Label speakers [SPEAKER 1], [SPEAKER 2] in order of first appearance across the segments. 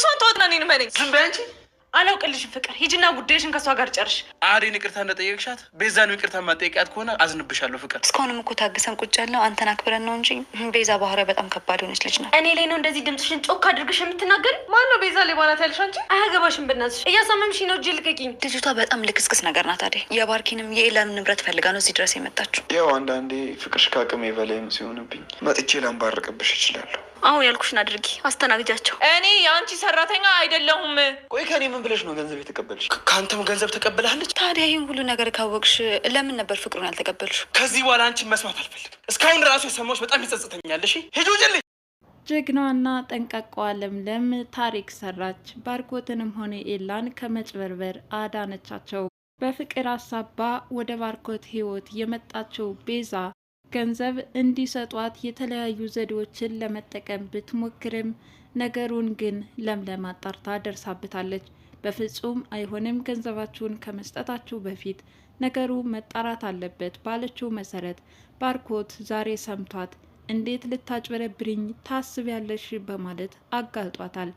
[SPEAKER 1] እሷን ተወጥና እኔን መነኝ። ዝም በይ አንቺ። አላውቅልሽም ፍቅር። ሂጂና ጉዳይሽን ከእሷ ጋር ጨርሽ።
[SPEAKER 2] አሬን ይቅርታ እንደጠየቅሻት ቤዛን ይቅርታ ማጠየቂያት ከሆነ አዝንብሻለሁ ፍቅር።
[SPEAKER 3] እስካሁንም እኮ ታግሰን ቁጭ ያለው አንተን አክብረን ነው እንጂ ቤዛ ባህሪያ በጣም ከባድ ሆነች ልጅ ነው።
[SPEAKER 1] እኔ ላይ ነው እንደዚህ ድምፅሽን ጮክ አድርግሽ የምትናገር?
[SPEAKER 4] ማን ነው ቤዛ ሌባ ናት ያልሽ አንቺ?
[SPEAKER 1] አያገባሽም። ብናትሽ እያሳመምሽ ነው። እጅ ልቀቂኝ።
[SPEAKER 3] ልጅቷ በጣም ልክስክስ ነገር ናት። አዴ የባርኪንም የኤላንም ንብረት ፈልጋ ነው እዚህ ድረስ የመጣችው።
[SPEAKER 5] ያው አንዳንዴ ፍቅርሽ ከአቅሜ በላይም ሲሆንብኝ መጥቼ ላንባርቅብሽ እችላለሁ
[SPEAKER 1] አሁን ያልኩሽን አድርጊ፣ አስተናግጃቸው።
[SPEAKER 4] እኔ የአንቺ ሰራተኛ አይደለሁም።
[SPEAKER 2] ቆይ ከኔ ምን ብለሽ ነው ገንዘብ የተቀበልሽ?
[SPEAKER 5] ከአንተም ገንዘብ ተቀበላለች።
[SPEAKER 3] ታዲያ ይህን ሁሉ ነገር ካወቅሽ ለምን ነበር ፍቅሩን ያልተቀበልሽ?
[SPEAKER 2] ከዚህ በኋላ አንቺን መስማት አልፈልግም። እስካሁን ራሱ የሰማዎች በጣም ይጸጽተኛል። ሂጂ ውጭልኝ።
[SPEAKER 6] ጀግናዋና ለምለም ታሪክ ሰራች። ባርኮትንም ሆነ ኤላን ከመጭበርበር አዳነቻቸው። በፍቅር አሳባ ወደ ባርኮት ህይወት የመጣችው ቤዛ ገንዘብ እንዲሰጧት የተለያዩ ዘዴዎችን ለመጠቀም ብትሞክርም ነገሩን ግን ለምለም አጣርታ ደርሳበታለች። በፍጹም አይሆንም፣ ገንዘባችሁን ከመስጠታችሁ በፊት ነገሩ መጣራት አለበት ባለችው መሰረት ባርኮት ዛሬ ሰምቷት እንዴት ልታጭበረብርኝ ታስቢያለሽ በማለት አጋልጧታል።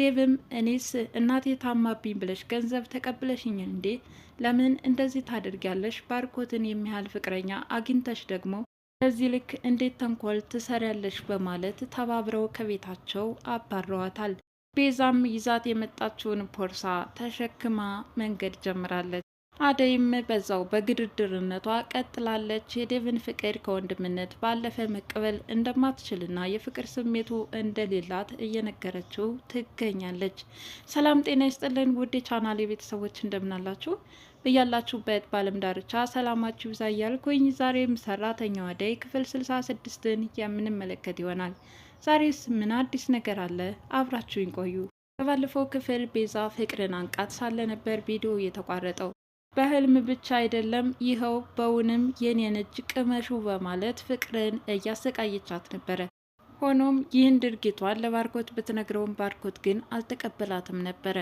[SPEAKER 6] ዴቭም እኔስ እናቴ ታማብኝ ብለሽ ገንዘብ ተቀብለሽኝ እንዴ? ለምን እንደዚህ ታደርጊያለሽ? ባርኮትን የሚያህል ፍቅረኛ አግኝተሽ ደግሞ በዚህ ልክ እንዴት ተንኮል ትሰሪያለሽ በማለት ተባብረው ከቤታቸው አባረዋታል። ቤዛም ይዛት የመጣችውን ቦርሳ ተሸክማ መንገድ ጀምራለች። አደይም በዛው በግድድርነቷ ቀጥላለች። የዴቭን ፍቅር ከወንድምነት ባለፈ መቀበል እንደማትችልና የፍቅር ስሜቱ እንደሌላት እየነገረችው ትገኛለች። ሰላም ጤና ይስጥልን ውድ የቻናል የቤተሰቦች እንደምናላችሁ እያላችሁበት በአለም ዳርቻ ሰላማችሁ ይብዛ እያልኩኝ ዛሬም ሰራተኛዋ አደይ ክፍል ስልሳ ስድስትን የምንመለከት ይሆናል። ዛሬስ ምን አዲስ ነገር አለ? አብራችሁኝ ቆዩ። ከባለፈው ክፍል ቤዛ ፍቅርን አንቃት ሳለ ነበር ቪዲዮ የተቋረጠው። በህልም ብቻ አይደለም ይኸው በውንም የኔን እጅ ቅመሹ በማለት ፍቅርን እያሰቃየቻት ነበረ። ሆኖም ይህን ድርጊቷን ለባርኮት ብትነግረውም ባርኮት ግን አልተቀበላትም ነበረ።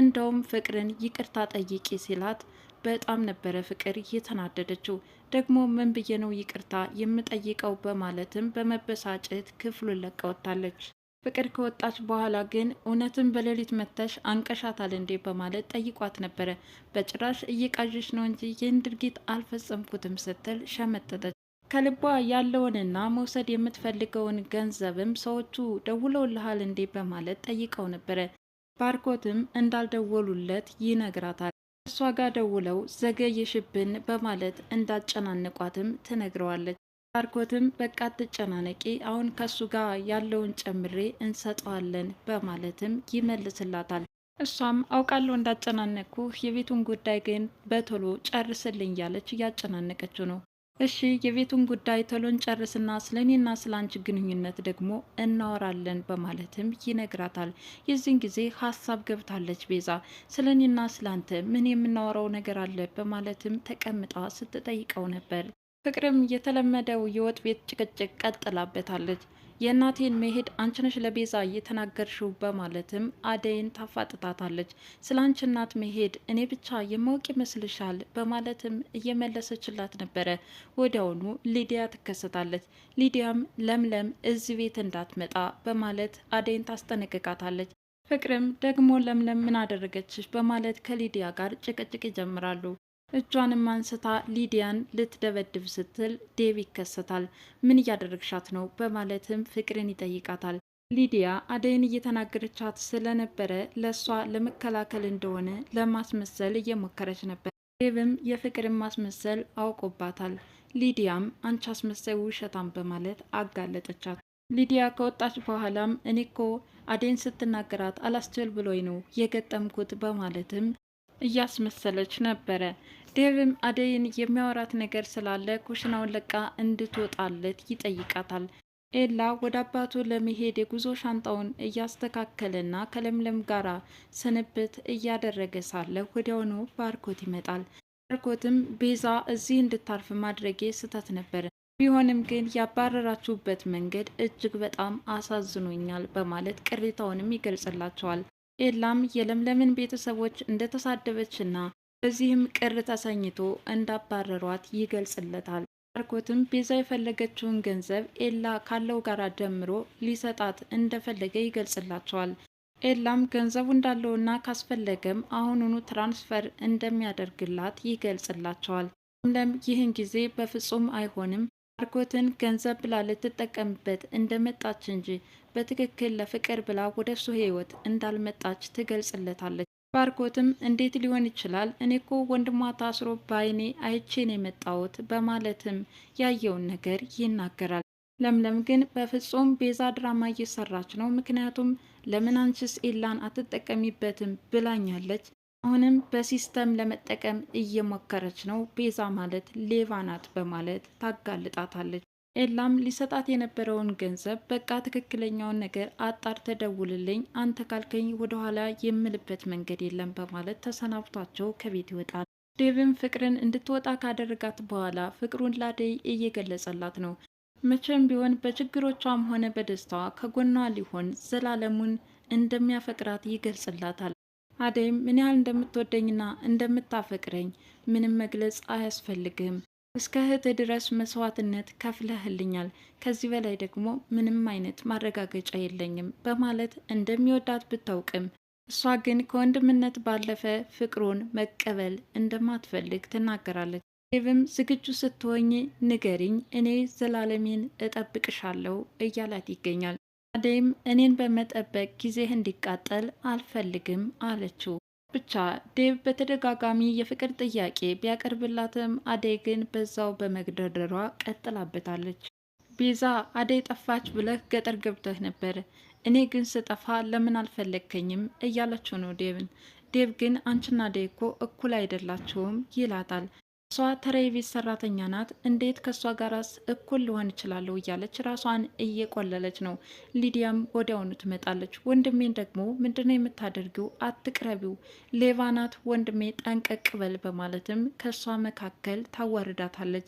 [SPEAKER 6] እንደውም ፍቅርን ይቅርታ ጠይቂ ሲላት በጣም ነበረ ፍቅር የተናደደችው። ደግሞ ምን ብዬ ነው ይቅርታ የምጠይቀው በማለትም በመበሳጨት ክፍሉን ለቃ ወጥታለች። ፍቅር ከወጣች በኋላ ግን እውነትም በሌሊት መተሽ አንቀሻታል እንዴ በማለት ጠይቋት ነበረ። በጭራሽ እየቃዥሽ ነው እንጂ ይህን ድርጊት አልፈጸምኩትም ስትል ሸመጠጠች። ከልቧ ያለውንና መውሰድ የምትፈልገውን ገንዘብም ሰዎቹ ደውለውልሃል እንዴ በማለት ጠይቀው ነበረ። ባርኮትም እንዳልደወሉለት ይነግራታል። እሷ ጋር ደውለው ዘገየሽብን በማለት እንዳጨናነቋትም ትነግረዋለች። ባርኮትም በቃ ትጨናነቂ፣ አሁን ከሱ ጋር ያለውን ጨምሬ እንሰጠዋለን በማለትም ይመልስላታል። እሷም አውቃለሁ እንዳጨናነቅኩ የቤቱን ጉዳይ ግን በቶሎ ጨርስልኝ ያለች እያጨናነቀችው ነው። እሺ የቤቱን ጉዳይ ተሎን ጨርስና ስለ እኔና ስለ አንቺ ግንኙነት ደግሞ እናወራለን በማለትም ይነግራታል። የዚህን ጊዜ ሀሳብ ገብታለች ቤዛ። ስለ እኔና ስለ አንተ ምን የምናወራው ነገር አለ በማለትም ተቀምጣ ስትጠይቀው ነበር። ፍቅርም የተለመደው የወጥ ቤት ጭቅጭቅ ቀጥላበታለች። የእናቴን መሄድ አንችነሽ ለቤዛ እየተናገርሽው በማለትም አደይን ታፋጥጣታለች። ስለ እናት መሄድ እኔ ብቻ የማወቅ ይመስልሻል? በማለትም እየመለሰችላት ነበረ። ወዲያውኑ ሊዲያ ትከሰታለች። ሊዲያም ለምለም እዚህ ቤት እንዳትመጣ በማለት አደይን ታስጠነቅቃታለች። ፍቅርም ደግሞ ለምለም ምን አደረገችሽ? በማለት ከሊዲያ ጋር ጭቅጭቅ ይጀምራሉ። እጇንም አንስታ ሊዲያን ልትደበድብ ስትል ዴቭ ይከሰታል። ምን እያደረግሻት ነው? በማለትም ፍቅርን ይጠይቃታል። ሊዲያ አደይን እየተናገረቻት ስለነበረ ለእሷ ለመከላከል እንደሆነ ለማስመሰል እየሞከረች ነበር። ዴቭም የፍቅርን ማስመሰል አውቆባታል። ሊዲያም አንቺ አስመሳይ ውሸታም በማለት አጋለጠቻት። ሊዲያ ከወጣች በኋላም እኔኮ አደይን ስትናገራት አላስችል ብሎኝ ነው የገጠምኩት በማለትም እያስመሰለች ነበረ። ዴቭም አደይን የሚያወራት ነገር ስላለ ኩሽናውን ለቃ እንድትወጣለት ይጠይቃታል። ኤላ ወደ አባቱ ለመሄድ የጉዞ ሻንጣውን እያስተካከለና ከለምለም ጋር ስንብት እያደረገ ሳለ ወዲያውኑ ባርኮት ይመጣል። ባርኮትም ቤዛ እዚህ እንድታርፍ ማድረጌ ስህተት ነበር፣ ቢሆንም ግን ያባረራችሁበት መንገድ እጅግ በጣም አሳዝኖኛል በማለት ቅሬታውንም ይገልጽላቸዋል። ኤላም የለምለምን ቤተሰቦች እንደተሳደበችና በዚህም ቅር ተሰኝቶ እንዳባረሯት ይገልጽለታል። ባርኮትም ቤዛ የፈለገችውን ገንዘብ ኤላ ካለው ጋር ደምሮ ሊሰጣት እንደፈለገ ይገልጽላቸዋል። ኤላም ገንዘቡ እንዳለውና ካስፈለገም አሁኑኑ ትራንስፈር እንደሚያደርግላት ይገልጽላቸዋል። ለምለም ይህን ጊዜ በፍጹም አይሆንም ባርኮትን ገንዘብ ብላ ልትጠቀምበት እንደመጣች እንጂ በትክክል ለፍቅር ብላ ወደ እሱ ህይወት እንዳልመጣች ትገልጽለታለች። ባርኮትም እንዴት ሊሆን ይችላል? እኔ እኮ ወንድሟ ታስሮ በአይኔ አይቼን የመጣሁት በማለትም ያየውን ነገር ይናገራል። ለምለም ግን በፍጹም ቤዛ ድራማ እየሰራች ነው፣ ምክንያቱም ለምን አንቺስ ኤላን አትጠቀሚበትም ብላኛለች። አሁንም በሲስተም ለመጠቀም እየሞከረች ነው። ቤዛ ማለት ሌባ ናት በማለት ታጋልጣታለች። ኤላም ሊሰጣት የነበረውን ገንዘብ በቃ ትክክለኛውን ነገር አጣር ተደውልልኝ፣ አንተ ካልከኝ ወደኋላ የምልበት መንገድ የለም በማለት ተሰናብቷቸው ከቤት ይወጣል። ዴቭም ፍቅርን እንድትወጣ ካደረጋት በኋላ ፍቅሩን ላደይ እየገለጸላት ነው። መቼም ቢሆን በችግሮቿም ሆነ በደስታዋ ከጎኗ ሊሆን ዘላለሙን እንደሚያፈቅራት ይገልጽላታል። አደይም ምን ያህል እንደምትወደኝና እንደምታፈቅረኝ ምንም መግለጽ አያስፈልግም እስከ እህት ድረስ መስዋዕትነት ከፍለህልኛል። ከዚህ በላይ ደግሞ ምንም አይነት ማረጋገጫ የለኝም በማለት እንደሚወዳት ብታውቅም እሷ ግን ከወንድምነት ባለፈ ፍቅሩን መቀበል እንደማትፈልግ ትናገራለች። ዴቭም ዝግጁ ስትሆኝ ንገሪኝ፣ እኔ ዘላለሜን እጠብቅሻለሁ እያላት ይገኛል። አደይም እኔን በመጠበቅ ጊዜህ እንዲቃጠል አልፈልግም አለችው። ብቻ ዴቭ በተደጋጋሚ የፍቅር ጥያቄ ቢያቀርብላትም አደይ ግን በዛው በመግደርደሯ ቀጥላበታለች። ቤዛ አደይ ጠፋች ብለህ ገጠር ገብተህ ነበር፣ እኔ ግን ስጠፋ ለምን አልፈለግከኝም እያለችው ነው ዴቭን። ዴቭ ግን አንቺና አደይ እኮ እኩል አይደላችሁም ይላታል። እሷ ተራዬ ሰራተኛ ናት፣ እንዴት ከእሷ ጋርስ እኩል ልሆን እችላለሁ እያለች ራሷን እየቆለለች ነው። ሊዲያም ወዲያውኑ ትመጣለች። ወንድሜን ደግሞ ምንድነው የምታደርጊው? አትቅረቢው፣ ሌባ ናት፣ ወንድሜ ጠንቀቅ በል በማለትም ከእሷ መካከል ታዋርዳታለች።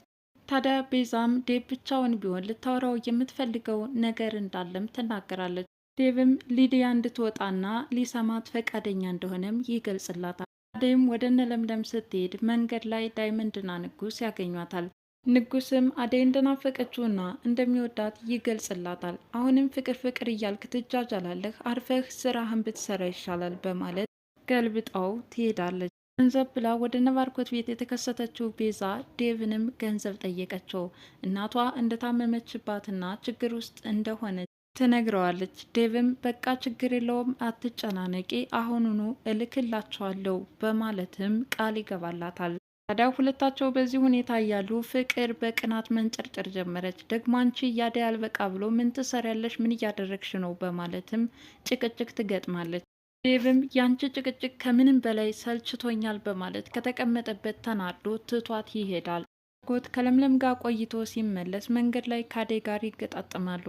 [SPEAKER 6] ታዲያ ቤዛም ዴብ ብቻውን ቢሆን ልታወራው የምትፈልገው ነገር እንዳለም ትናገራለች። ዴቭም ሊዲያ እንድትወጣና ሊሰማት ፈቃደኛ እንደሆነም ይገልጽላታል። አደይም ወደ እነ ለምለም ስትሄድ መንገድ ላይ ዳይመንድና ንጉስ ያገኟታል። ንጉስም አደይ እንደናፈቀችውና እንደሚወዳት ይገልጽላታል። አሁንም ፍቅር ፍቅር እያልክ ትጃጃላለህ፣ አርፈህ ስራህን ብትሰራ ይሻላል በማለት ገልብጣው ትሄዳለች። ገንዘብ ብላ ወደ ነባርኮት ቤት የተከሰተችው ቤዛ ዴቭንም ገንዘብ ጠየቀችው። እናቷ እንደታመመችባትና ችግር ውስጥ እንደሆነ ትነግረዋለች። ዴቭም በቃ ችግር የለውም አትጨናነቂ፣ አሁኑኑ እልክላቸዋለሁ በማለትም ቃል ይገባላታል። ታዲያ ሁለታቸው በዚህ ሁኔታ እያሉ ፍቅር በቅናት መንጨርጨር ጀመረች። ደግሞ አንቺ እያደ ያልበቃ ብሎ ምን ትሰሪያለሽ? ምን እያደረግሽ ነው? በማለትም ጭቅጭቅ ትገጥማለች። ዴቭም ያንቺ ጭቅጭቅ ከምንም በላይ ሰልችቶኛል በማለት ከተቀመጠበት ተናዶ ትቷት ይሄዳል። ጎት ከለምለም ጋር ቆይቶ ሲመለስ መንገድ ላይ ካዴ ጋር ይገጣጠማሉ።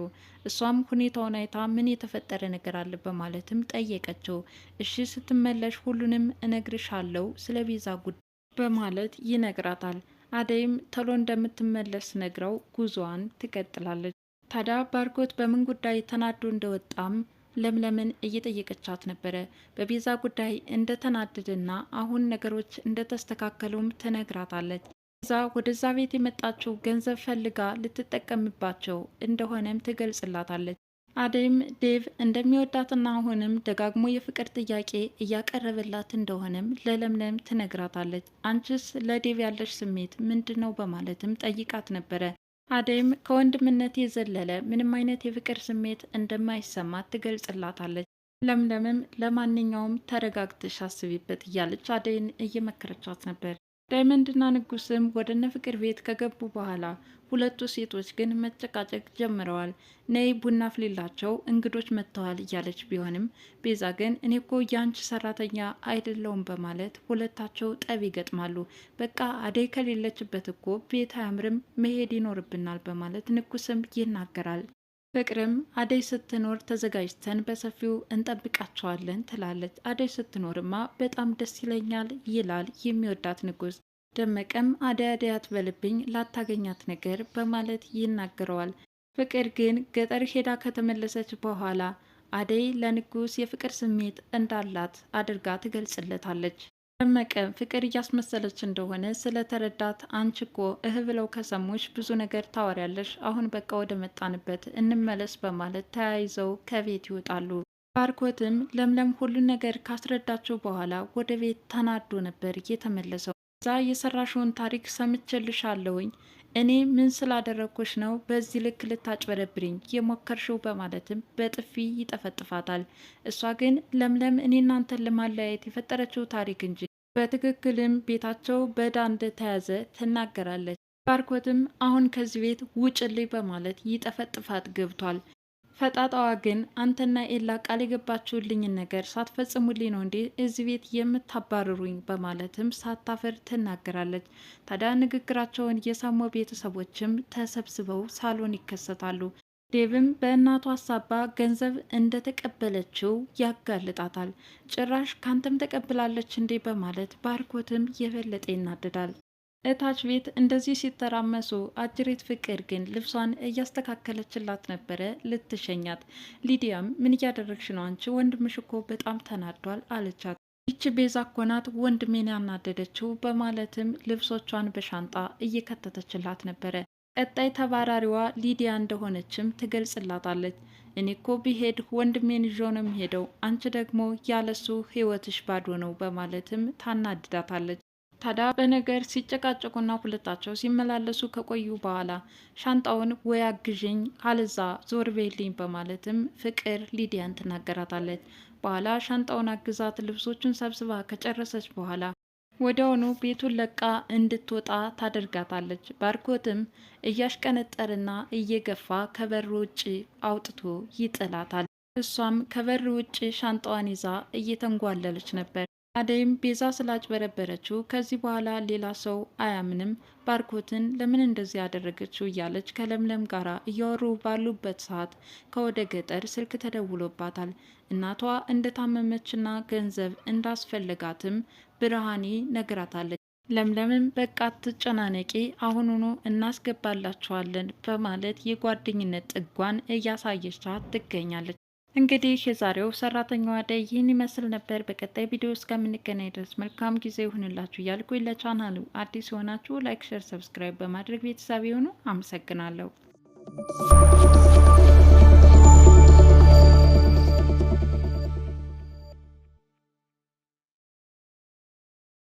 [SPEAKER 6] እሷም ሁኔታውን አይታ ምን የተፈጠረ ነገር አለ በማለትም ጠየቀችው። እሺ ስትመለሽ ሁሉንም እነግርሻለሁ ስለ ቤዛ ጉዳይ በማለት ይነግራታል። አደይም ቶሎ እንደምትመለስ ነግረው ጉዞዋን ትቀጥላለች። ታዲያ ባርኮት በምን ጉዳይ ተናዶ እንደወጣም ለምለምን እየጠየቀቻት ነበረ። በቤዛ ጉዳይ እንደተናደደና አሁን ነገሮች እንደተስተካከሉም ትነግራታለች። እዛ ወደዛ ቤት የመጣችው ገንዘብ ፈልጋ ልትጠቀምባቸው እንደሆነም ትገልጽላታለች። አደይም ዴቭ እንደሚወዳትና አሁንም ደጋግሞ የፍቅር ጥያቄ እያቀረበላት እንደሆነም ለለምለም ትነግራታለች። አንቺስ ለዴቭ ያለሽ ስሜት ምንድን ነው በማለትም ጠይቃት ነበረ። አደይም ከወንድምነት የዘለለ ምንም አይነት የፍቅር ስሜት እንደማይሰማት ትገልጽላታለች። ለምለምም ለማንኛውም ተረጋግተሽ አስቢበት እያለች አደይን እየመከረቻት ነበር። ዳይመንድና ንጉስም ወደ እነ ፍቅር ቤት ከገቡ በኋላ ሁለቱ ሴቶች ግን መጨቃጨቅ ጀምረዋል። ነይ ቡና ፍሌላቸው እንግዶች መጥተዋል እያለች ቢሆንም ቤዛ ግን እኔ እኮ ያንቺ ሰራተኛ አይደለውም በማለት ሁለታቸው ጠብ ይገጥማሉ። በቃ አደይ ከሌለችበት እኮ ቤት አያምርም መሄድ ይኖርብናል በማለት ንጉስም ይናገራል። ፍቅርም አደይ ስትኖር ተዘጋጅተን በሰፊው እንጠብቃቸዋለን ትላለች። አደይ ስትኖርማ በጣም ደስ ይለኛል ይላል የሚወዳት ንጉስ። ደመቀም አደይ አደይ አትበልብኝ ላታገኛት ነገር በማለት ይናገረዋል። ፍቅር ግን ገጠር ሄዳ ከተመለሰች በኋላ አደይ ለንጉስ የፍቅር ስሜት እንዳላት አድርጋ ትገልጽለታለች። ደመቀ ፍቅር እያስመሰለች እንደሆነ ስለተረዳት አንቺ እኮ እህ ብለው ከሰሞች ብዙ ነገር ታወሪያለሽ። አሁን በቃ ወደ መጣንበት እንመለስ በማለት ተያይዘው ከቤት ይወጣሉ። ባርኮትም ለምለም ሁሉን ነገር ካስረዳቸው በኋላ ወደ ቤት ተናዶ ነበር የተመለሰው። እዛ የሰራሽውን ታሪክ ሰምቼልሻለሁኝ። እኔ ምን ስላደረግኩሽ ነው በዚህ ልክ ልታጭበረብሪኝ የሞከርሽው? በማለትም በጥፊ ይጠፈጥፋታል። እሷ ግን ለምለም እኔ እናንተን ለማለያየት የፈጠረችው ታሪክ እንጂ በትክክልም ቤታቸው በዕዳ እንደተያዘ ትናገራለች። ባርኮትም አሁን ከዚህ ቤት ውጭልኝ በማለት ይጠፈጥፋት ገብቷል። ፈጣጣዋ ግን አንተና ኤላ ቃል የገባችሁልኝን ነገር ሳትፈጽሙልኝ ነው እንዴ እዚህ ቤት የምታባርሩኝ? በማለትም ሳታፈር ትናገራለች። ታዲያ ንግግራቸውን የሰሙ ቤተሰቦችም ተሰብስበው ሳሎን ይከሰታሉ። ዴቭም በእናቷ አሳባ ገንዘብ እንደተቀበለችው ያጋልጣታል። ጭራሽ ካንተም ተቀብላለች እንዴ በማለት ባርኮትም የበለጠ ይናደዳል። እታች ቤት እንደዚህ ሲተራመሱ አጅሬት ፍቅር ግን ልብሷን እያስተካከለችላት ነበረ ልትሸኛት። ሊዲያም ምን እያደረግሽ ነው አንቺ? ወንድምሽ እኮ በጣም ተናዷል አለቻት። ይቺ ቤዛ እኮ ናት ወንድሜን ያናደደችው በማለትም ልብሶቿን በሻንጣ እየከተተችላት ነበረ። ቀጣይ ተባራሪዋ ሊዲያ እንደሆነችም ትገልጽላታለች። እኔኮ ቢሄድ ወንድሜን ይዞ ነው የሚሄደው፣ አንቺ ደግሞ ያለሱ ህይወትሽ ባዶ ነው በማለትም ታናድዳታለች። ታዲያ በነገር ሲጨቃጨቁና ሁለታቸው ሲመላለሱ ከቆዩ በኋላ ሻንጣውን ወይ አግዥኝ አልዛ ዞር ቤልኝ በማለትም ፍቅር ሊዲያን ትናገራታለች። በኋላ ሻንጣውን አግዛት ልብሶቹን ሰብስባ ከጨረሰች በኋላ ወዲያውኑ ቤቱን ለቃ እንድትወጣ ታደርጋታለች። ባርኮትም እያሽቀነጠርና እየገፋ ከበር ውጭ አውጥቶ ይጥላታል። እሷም ከበር ውጭ ሻንጣዋን ይዛ እየተንጓለለች ነበር። አደይም ቤዛ ስላጭበረበረችው ከዚህ በኋላ ሌላ ሰው አያምንም፣ ባርኮትን ለምን እንደዚህ ያደረገችው እያለች ከለምለም ጋር እያወሩ ባሉበት ሰዓት ከወደ ገጠር ስልክ ተደውሎባታል። እናቷ እንደታመመችና ገንዘብ እንዳስፈልጋትም ብርሃኔ ነግራታለች። ለምለምም በቃ ትጨናነቂ አሁኑኑ እናስገባላችኋለን በማለት የጓደኝነት ጥጓን እያሳየቻት ትገኛለች። እንግዲህ የዛሬው ሰራተኛዋ አደይ ይህን ይመስል ነበር። በቀጣይ ቪዲዮ እስከምንገናኝ ድረስ መልካም ጊዜ ይሁንላችሁ እያልኩ ለቻናሉ አዲስ የሆናችሁ ላይክ፣ ሸር፣ ሰብስክራይብ በማድረግ ቤተሰብ የሆኑ አመሰግናለሁ።